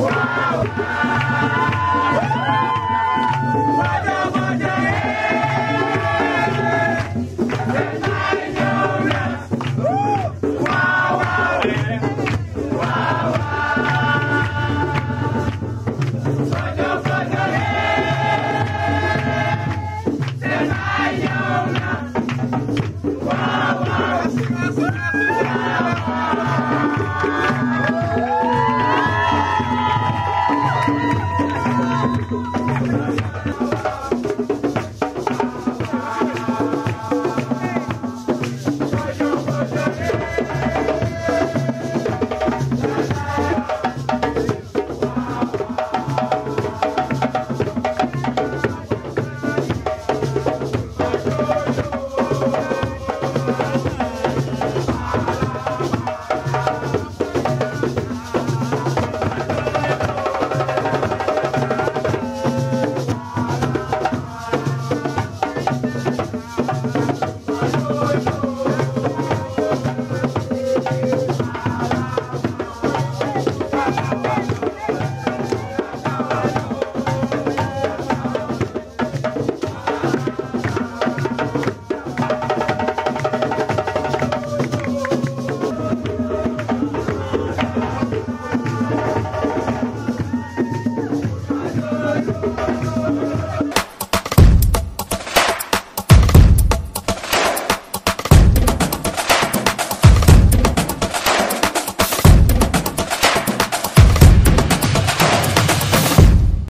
waaw